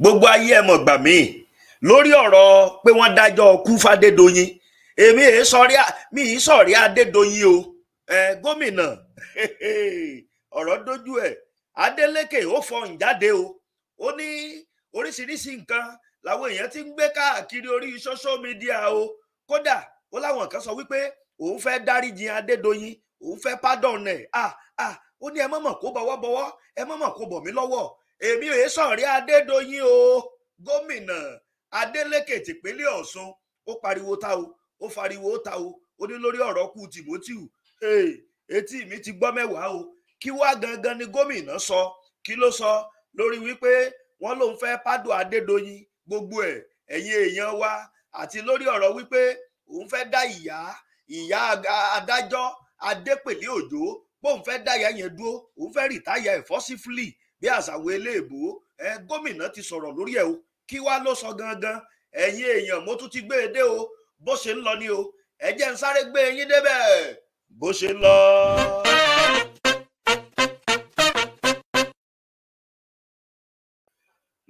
gbogbo ayé ẹ mọ̀ gbà mí lórí ọ̀rọ̀ pé wọ́n dájọ́ kú fàdédoyin èmi èé sọrí mi ì sọrí adédoyin o ẹ gómìnà ọ̀rọ̀ dojú ẹ̀ adeleke ó fọhùn jáde o ó ní oríṣiríṣi nǹkan làwọn èèyàn ti ń gbé káàkiri orí social media o kódà ó láwọn kan sọ wípé òun fẹ́ dáríjì adédoyin òun fẹ́ pardon ẹ̀ ah ah ó ní ẹ mọ̀mọ̀ kó bọ̀wọ́bọ̀wọ́ ẹ mọ̀mọ̀ kó bọ̀ mí lọ́wọ́ èmi ò yé sọ̀rí adédọ́yìn o gómìnà adélékè tìpínlẹ̀ ọ̀ṣun ó pariwo ta o ó fariwo ta o ó ní lórí ọ̀rọ̀ kú timothy etí mi ti gbọ́ mẹ́wàá o kí wá gangan ni gómìnà sọ kí ló sọ lórí wípé wọ́n lòun fẹ́ pádùn adédọ́yìn gbogbo ẹ̀ ẹ̀yin èèyàn wa àti lórí ọ̀rọ̀ wípé òun fẹ́ dá ìyá ìyá adájọ́ adépèlé òjò pé òun fẹ́ dá ìyá yẹn dúró òun fẹ́ rìtáyà ẹ̀fọ́sífìlì bí àṣàwọ̀ eléèbó gómìnà ti sọ̀rọ̀ lórí ẹ̀ o kí wá ló sọ gangan ẹ̀yin èèyàn mo tún ti gbé e dé o bó ṣe ń lọ ni o ẹ jẹ́ ń sáré gbé yín débẹ̀ bó ṣe ń lọ.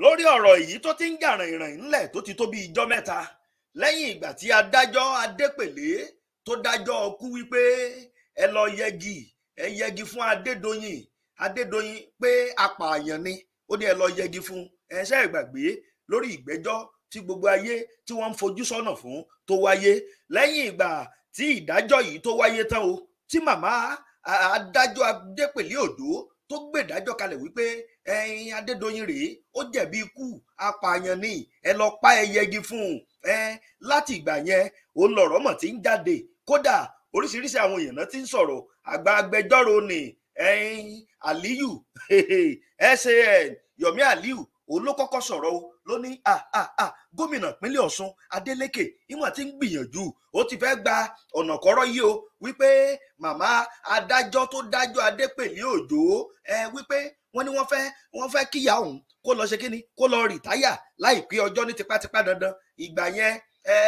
lórí ọ̀rọ̀ èyí tó ti ń jà rìnrìn ńlẹ̀ tó ti tó bí ijọ́ mẹ́ta lẹ́yìn ìgbà tí adájọ́ adépèlé tó dájọ́ ọkú wípé ẹ lọ yẹgi ẹ yẹgi fún adédọ̀yìn adédọyìn pé apààyàn ni ó ní ẹ lọ yẹgi fún ẹṣẹ ìgbàgbé lórí ìgbẹ́jọ́ tí gbogbo ayé tí wọ́n ń fojú sọ́nà fún tó wáyé lẹ́yìn ìgbà tí ìdájọ́ yìí tó wáyé tán o tí màmá adájọ́ adépèlé òdó tó gbèdájọ́ kalẹ̀ wípé ẹyin adédọyìn rèé ó jẹ̀bi ikú apààyàn ni ẹ lọ pa ẹ yẹgi fún un láti ìgbà yẹn òun lọ̀rọ̀ mọ̀ tí ń jáde kódà oríṣiríṣi àwọn èèyàn ti ń sọ̀rọ̀ àgbà agbẹjọ́rò ni ẹyin aliyu san yomi aliyu òun ló kọ́kọ́ sọ̀rọ̀ o ló ní gómìnà ìpínlẹ̀ ọ̀ṣun adeleke ìwọ̀n ti ń gbìyànjú ó ti fẹ́ gba ọ̀nà kọ́rọ́ yìí o wípé màmá adájọ́ tó dájọ́ adépèlé òjò ẹ wípé wọ́n ní wọ́n fẹ́ wọ́n fẹ́ kíyà òun kó lọ ṣe kíni kó lọ rìtáyà láìpẹ́ ọjọ́ ní tipátipá dandan ìgbà yẹn ẹ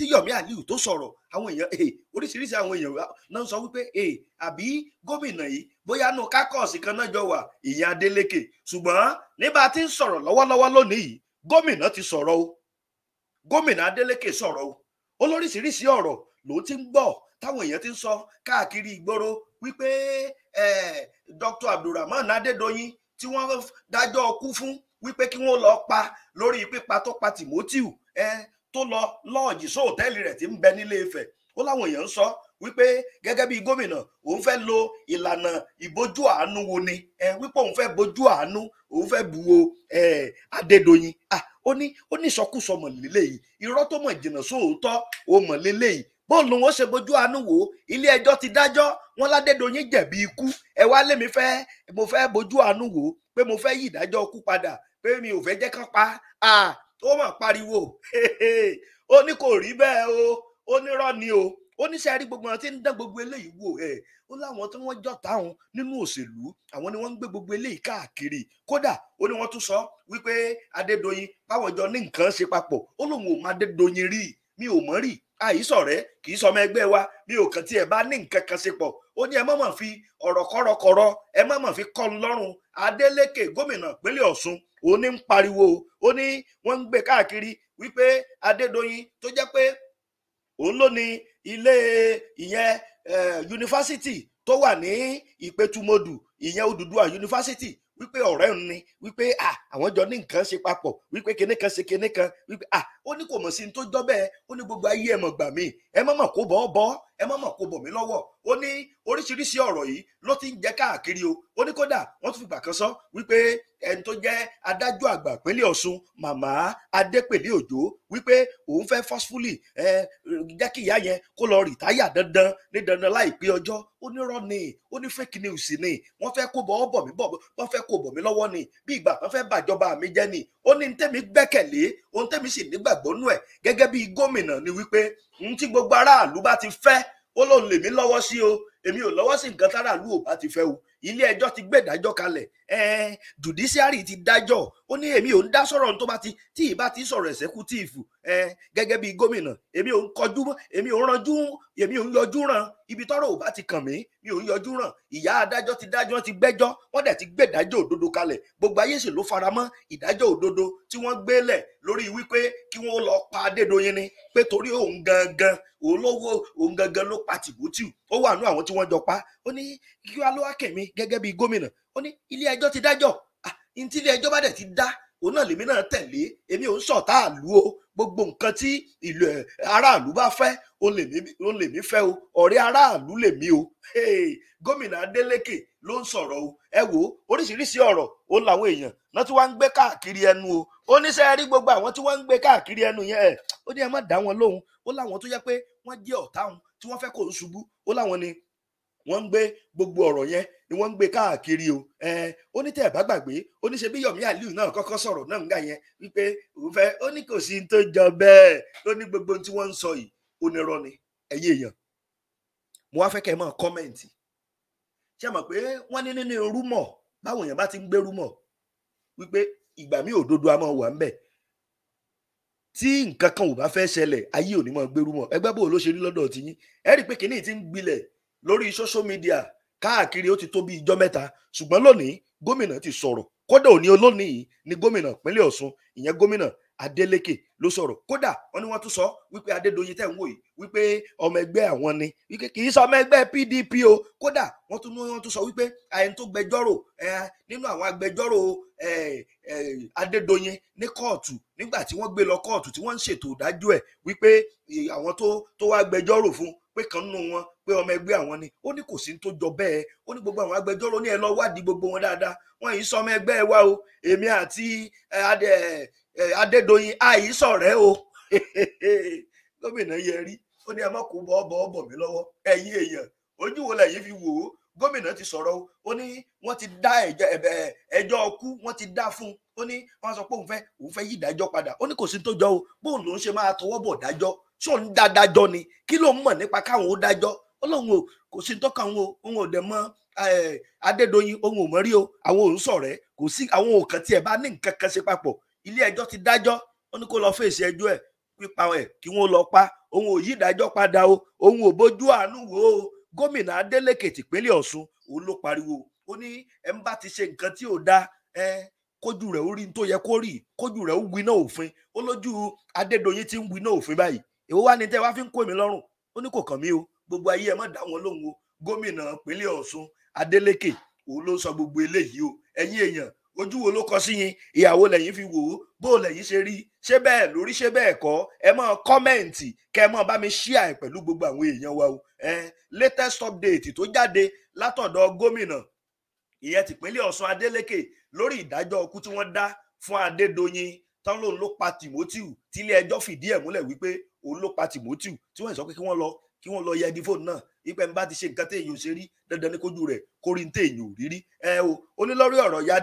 tí Yomi Aliu tó sọ̀rọ̀ àwọn èèyàn eh, oríṣiríṣi àwọn èèyàn náà sọ wípé eh, àbí gómìnà yìí bóyá nù kákọọsì kan náà jọ wà ìyẹn Adeleke ṣùgbọ́n nígbà tí ń sọ̀rọ̀ lọ́wọ́lọ́wọ́ lónìí yìí gómìnà ti sọ̀rọ̀ o gómìnà Adeleke sọ̀rọ̀ o olóríṣiríṣi ọ̀rọ̀ ló ti ń gbọ́ táwọn èèyàn ti ń sọ káàkiri ìgboro wípé eh, Dr. Abdulrahman Adedoyin tí wọ́n dájọ́ ọkú fún wípé kí wọ́n lọ pa lórí pípa tó pa Timothy tó lọ lọ́ọ̀jì sóòtẹ́ẹ̀lì rẹ̀ tí ń bẹ nílé Ifẹ̀ ó láwọn èèyàn ń sọ wípé gẹ́gẹ́ bí gómìnà òun fẹ́ lo ìlànà ìbójú àánú wo ni ẹ wípé òun fẹ́ bójú àánú òun fẹ́ bu wo Adédoyin ó ní ó ní ìsọkúsọ mọ̀ lélẹ́yìí irọ́ tó mọ̀ jìnnà sóòótọ́ ó mọ̀ lélẹ́yìí bóòlù wọn ṣe bójú àánú wò ó ilé ẹjọ́ ti dájọ́ wọn ládédoyin jẹ̀bi ikú ẹ wá lèmi fẹ́ mo fẹ́ bójú àánú wò ó pé mo fẹ́ yí ìdájọ́ ikú padà pé mi ò fẹ́ jẹ́ kán pa á ó mà pariwo ó ní kò rí bẹ́ẹ̀ o ó nírọ́ ni o ó ní sẹ́ẹ̀rí gbogbo àwọn tí ń dán gbogbo eléyìí wò ẹ̀ ó láwọn tí wọ́n jọ táwọn nínú òṣèlú àwọn ni wọ́n ń gbé gbogbo eléyìí káàkiri kódà ó ní wọ́n tún sọ wípé Adédoyin báwọn jọ ní nǹkan ṣe papọ̀ ó lóun ò máa Adédoyin rí mi ò mọ̀ rí àìsàn rẹ kì í sọmọ ẹgbẹ́ wa mi ò kàn tí ẹ bá ní nǹkan kan ṣe pọ̀ ó ní ẹ mọ̀mọ̀ fi ọ̀rọ̀ kọ́rọ́kọ́rọ́ ẹ mọ̀mọ̀ fi kọ́ lọ́rùn Adeleke gómìnà ìpínlẹ̀ Ọ̀ṣun òun ní ń pariwo ó ní wọ́n ń gbé káàkiri wípé Adédoyin tó jẹ́ pé òun ló ní ilé ìyẹn eh, yunifásitì tó wà ní ìpẹtùmọdù ìyẹn Odùduwà yunifásitì wípé ọ̀rẹ́ ń ni wípé à àwọn jọ ní nǹkan ṣe papọ̀ wípé kinní kan ṣe kinní kan wípé à ó ní kò mọ̀ sí ní tó jọ́ bẹ́ẹ̀ ó ní gbogbo ayé ẹ̀ mọ̀ gbà mí ẹ mọ̀ mọ̀ kó bọ́ bọ́ ẹ má mọ̀ kó bọ̀ mí lọ́wọ́ ó ní oríṣiríṣi ọ̀rọ̀ yìí ló ti ń jẹ́ káàkiri o ó ní kódà wọ́n tún fìgbà kan sọ wípé ẹni tó jẹ́ adájọ́ àgbà ìpínlẹ̀ Ọ̀ṣun màmá Adépèlé Òjó wípé òun fẹ́ forcefully ẹ jẹ́ kí ìyá yẹn kó lọ rìtáyà dandan ní dandan láìpẹ́ ọjọ́ ó ní rọ́ ni ó ní fake news ni wọ́n fẹ́ kó bọ̀ ọ́ bọ̀ mí bọ̀ wọ́n fẹ́ kó bọ̀ mí lọ́wọ́ ni bí ìgbà kan fẹ́ bàjọba mi jẹ́ ni ó ní tèmi gbẹ́kẹ̀lé ohun tèmi sì nígbàgbọ́ nú ẹ̀ gẹ́gẹ́ bí gómìnà ni wípé ohun gbogbo aráàlú bá ti fẹ́ ó lóun lèmi lọ́wọ́ sí o èmi ò lọ́wọ́ sí nǹkan tára ìlú ò bá ti fẹ́ o ilé ẹjọ́ ti gbé ìdájọ́ kalẹ̀ ẹ̀ẹ́n judiciary ti dájọ́ ó ní èmi ò ń dá sọ̀rọ̀ tó bá ti tí ì bá ti sọ̀rọ̀ executive ẹ gẹ́gẹ́ bí gómìnà èmi ò ń kọjú mọ́ èmi ò ń ranjú èmi ò ń yọjú ràn ibi tọ́rọ̀ ò bá ti kàn mí mi ò ń yọjú ràn ìyá adájọ́ ti dájọ́ ti gbẹ́jọ́ wọ́n dẹ̀ ti gbé ìdájọ́ òdodo kalẹ̀ gbogbo ayé sì ló fara mọ́ ìdájọ́ òdodo tí wọ́n gbé lẹ̀ lórí wípé kí wọ́n lọ pa Adédoyin ni pé torí òun gangan òun ló òun gangan ló pa Tìbútì ó wà nú àwọn tí wọ́n jọ pa ó ní kí wàá ló wá kẹ̀mí gẹ́gẹ́ bí gómìnà ó ní ilé ẹjọ́ ti dájọ́ ah ní tí ilé ẹjọ́ ti dá òun náà lèmi náà tẹ̀lé èmi ò ń ṣọ̀tá àlú o gbogbo nǹkan tí ìlú eh, aráàlú bá fẹ́ òun lèmi fẹ́ o ọ̀rẹ́ aráàlú lèmi o gómìnà Adeleke ló ń sọ̀rọ̀ o ẹ wo oríṣiríṣi ọ̀rọ̀ òun làwọn èèyàn náà tí wọ́n ń gbé káàkiri ẹnu o ó ní sẹ́ẹ̀ rí gbogbo àwọn tí wọ́n ń gbé káàkiri ẹnu yẹn ẹ̀ ó ní ẹ má dá wọn lóhùn ó láwọn tó yẹ pé wọ́n jẹ́ ọ̀tá wọn tí wọ́n fẹ́ kó ń ṣubú ó láwọn ni wọ́n ń gbé gbogbo ọ̀rọ̀ yẹn ni wọ́n ń gbé káàkiri o ó ní bá gbàgbé ó ní ṣe bí Yomi Aliu náà kọ́kọ́ sọ̀rọ̀ náà nga yẹn wípé òun fẹ́ ó tó jọ bẹ́ẹ̀ ó ní gbogbo tí wọ́n ń sọ yìí ó ní irọ́ ni èèyàn mo wá fẹ́ kẹ́ ẹ máa kọ́mẹ̀ǹtì ṣé mọ̀ pé wọ́n ní nínú rúmọ̀ báwọn èèyàn bá ti ń gbé rúmọ̀ wípé ìgbà òdodo a máa lórí social media káàkiri ó ti tó bí ijọ́ mẹ́ta ṣùgbọ́n lónìí gómìnà ti sọ̀rọ̀ kódà òní olónìí ni gómìnà ìpínlẹ̀ Ọ̀ṣun ìyẹn gómìnà Adeleke ló sọ̀rọ̀ kódà wọn ni wọ́n tún sọ wípé Adédoyin tẹ̀ ń wò yìí wípé ọmọ ẹgbẹ́ àwọn ni wípé kì í sọ ọmọ ẹgbẹ́ PDP o kódà wọ́n tún ní wọ́n tún sọ wípé àyẹn tó gbẹjọ́rò nínú àwọn agbẹjọ́rò Adédoyin ní kóòtù nígbà tí wọ́n gbé lọ kóòtù tí wọ́n ń ṣètò ìdájọ́ ẹ̀ wípé àwọn tó wá gbẹjọ́rò fún pé kan nínú wọn pé ọmọ ẹgbẹ́ àwọn ni ó ní kò sí tó jọ bẹ́ẹ̀ ó ní gbogbo àwọn agbẹjọ́rò ní ẹ lọ wádìí gbogbo wọn dáadáa wọn yìí sọmọ ẹgbẹ́ wa o èmi àti Adédoyin àìsọ̀rẹ́ o gómìnà Yẹrí ó ní ẹ má kó bọ́ọ̀bọ̀ bọ̀ mí lọ́wọ́ ẹ̀yin èèyàn ojú wo lẹ̀yin fi wò ó gómìnà ti sọ̀rọ̀ o ó ní wọ́n ti dá ẹjọ́ ọkú wọ́n ti dá fún un ó ní wọ́n sọ pé òun fẹ́ òun fẹ́ yí ìdájọ́ padà ó ní kò sí tó jọ o bóun lòún ṣe máa tọwọ́ bọ̀ dájọ́ sọ ń dá dájọ́ ni kí ló ń mọ̀ nípa káwọn ó dájọ́ ọlọ́run kò sí tọ́ka wọn o òun ò mọ́ Adédoyin òun ò mọ̀ rí o àwọn òun sọ̀rẹ́ kò sí àwọn òkàn tí ẹ bá ní nǹkan kan ṣe papọ̀ ilé ẹjọ́ ti dájọ́ ó ní kó lọ fèsì ẹjọ́ ẹ̀ pípa kí wọ́n lọ pa òun ò yí padà o ò bójú èwo wá ní tẹ́ wá fi ń kó mi lọ́rùn ó ní kò kàn mí o gbogbo ayé ẹ má dá wọn lóhùn o gómìnà pínlẹ̀ Ọ̀ṣun Adeleke òun ló sọ gbogbo eléyìí o ẹ̀yin èèyàn ojú wo ló kọ sí yín ìyàwó lẹ́yìn fi wò ó bó lẹ́yìn ṣe rí ṣé bẹ́ẹ̀ lórí ṣé bẹ́ẹ̀ kọ́ ẹ máa kọ́mẹ̀ǹtì kẹ́ ẹ bá mi ṣíà ẹ̀ pẹ̀lú gbogbo àwọn èèyàn wa o latest update tó jáde látọ̀dọ̀ gómìnà ìyẹn tìpínlẹ̀ Ọ̀ṣun Adeleke lórí ìdájọ́ ikú tí wọ́n dá fún Adédoyin tán lòun ló pa Timothy tí ilé ẹjọ́ fìdí ẹ̀ múlẹ̀ wípé òun ló pa Timothy tí wọ́n sọ pé kí wọ́n lọ kí wọ́n lọ yẹdi fóònù náà ipa ẹni bá ti ṣe nǹkan téèyàn ò ṣe rí dandan ní kójú rẹ̀ kó rí téèyàn ò rí rí ẹ o onílọ́rí ọ̀rọ̀ ya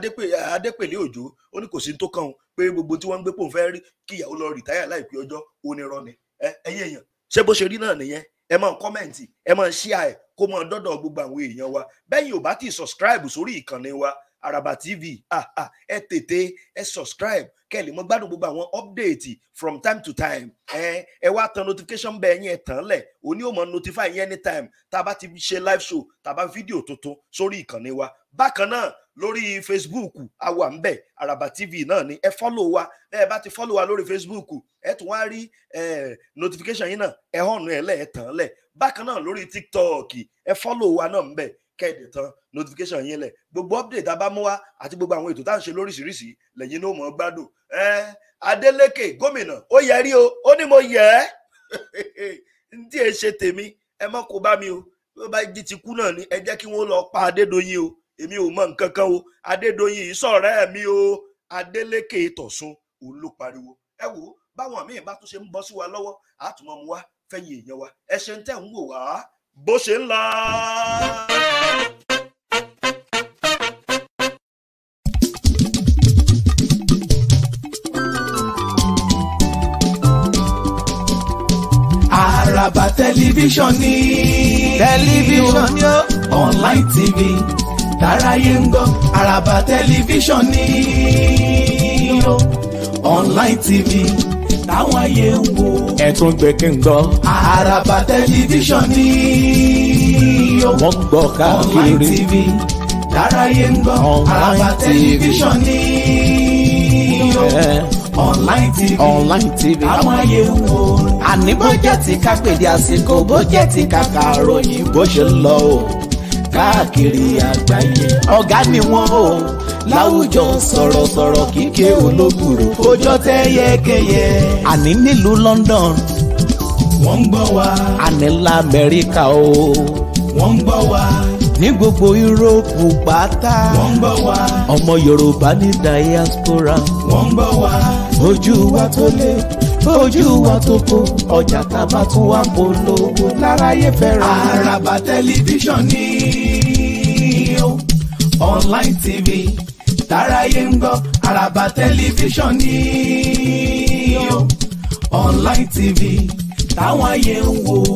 adépèlé òjò ó ní kò sí tó kàn pé gbogbo tí wọ́n ń gbé pòun fẹ́ rí kí ìyàwó lọ rìtáyà láìpẹ́ ọjọ́ onírọ́ ni ẹ̀yin èèyàn ṣé bó ṣe rí náà nìyẹn ẹ máa kọ́mẹ̀ǹtì ẹ máa ṣíà ẹ̀ kó máa dọ́dọ̀ gbogbo àwọn èèyàn wa bẹ́yìn ò bá ti subscribe sórí ìkànnì wa Araba TV ah ah ẹ tètè ẹ subscribe kẹ́lì mọ́ gbádùn gbogbo àwọn update from time to time ẹ ẹ wá tan notification bẹ́ẹ̀ yẹn tán lẹ̀ òní ò mọ̀ notify yẹn anytime tá a bá ṣe live show tá a bá fídíò tuntun sórí ìkànnì wa bákan náà lórí facebook a wà ń bẹ Araba TV náà ni ẹ fọ́lọ̀ wa bẹ́ẹ̀ bá ti fọ́lọ̀ wa lórí facebook ẹ tún wá rí notification yín náà ẹ hàn ẹ lẹ̀ ẹ tán lẹ̀ bákan náà lórí tiktok ẹ fọ́lọ̀ wa náà ń bẹ kẹ́ẹ̀dì tán notification yín lẹ̀ gbogbo update abámúwá àti gbogbo àwọn ètò tá à ń ṣe lóríṣiríṣi lẹ́yìn ló mọ̀ gbádùn ẹ Adeleke gómìnà ó yẹ rí o ó ní mo yẹ ẹ́ n tí ẹ ṣe tèmi ẹ mọ́ kó bá mi o bí ó bá jí ti kú náà ni ẹ jẹ́ kí wọ́n lọ pa Adédoyin o èmi ò mọ nǹkan kan o Adédoyin yìí sọ̀rọ̀ mi o Adeleke tọ̀sùn òun ló pariwo ẹ wò ó báwọn míì bá tún ṣe ń bọ́ sí wa lọ́wọ́ àtúmọ̀ mu wá èèyàn wa ẹ ṣe ń tẹ̀ ń wò wá bó ṣe ń la. Àràbà tẹlifíṣàn ní. tẹlifíṣàn ní o. online tv tàráyé ń gbọ́ Àràbà tẹlifíṣàn ní online tv táwọn yẹ ń wo. ẹ̀tún gbẹ̀kẹ̀ ń gbọ́. àràbà tẹlifíṣàn ni yóò. wọ́n gbọ́ káàkiri. online tv dáráyé ń gbọ́. àràbà tẹlifíṣàn ni yóò online tv online tv àwọn ayé ń wo. àní bó jẹ́ ti ká pèdé àsìkò bó jẹ́ ti ká kàròyìn bó ṣe lọ o káàkiri àgbáyé ọ̀gá ni wọ́n o láwùjọ sọ̀rọ̀sọ̀rọ̀ kíkẹ́ olóbùrò ojọ́ tẹ́ yẹ́kẹ́yẹ. àní nílùú London wọ́n ń gbọ́ wa. àní la Amẹ́ríkà o wọ́n ń gbọ́ wa ní gbogbo yúróòpù pátá. wọ́n ń gbọ́ wa. ọmọ yorùbá ní diaspora. wọ́n ń gbọ́ wa. ojú wa tó lé ojú wa tó kó ọjà tá a bá tún polówó láráyé fẹ́ràn. àràbà tẹlifíṣàn ni ó online tv táráyé ń gbọ́ àràbà tẹlifíṣàn ni ó online tv táwọn ayé ń wò.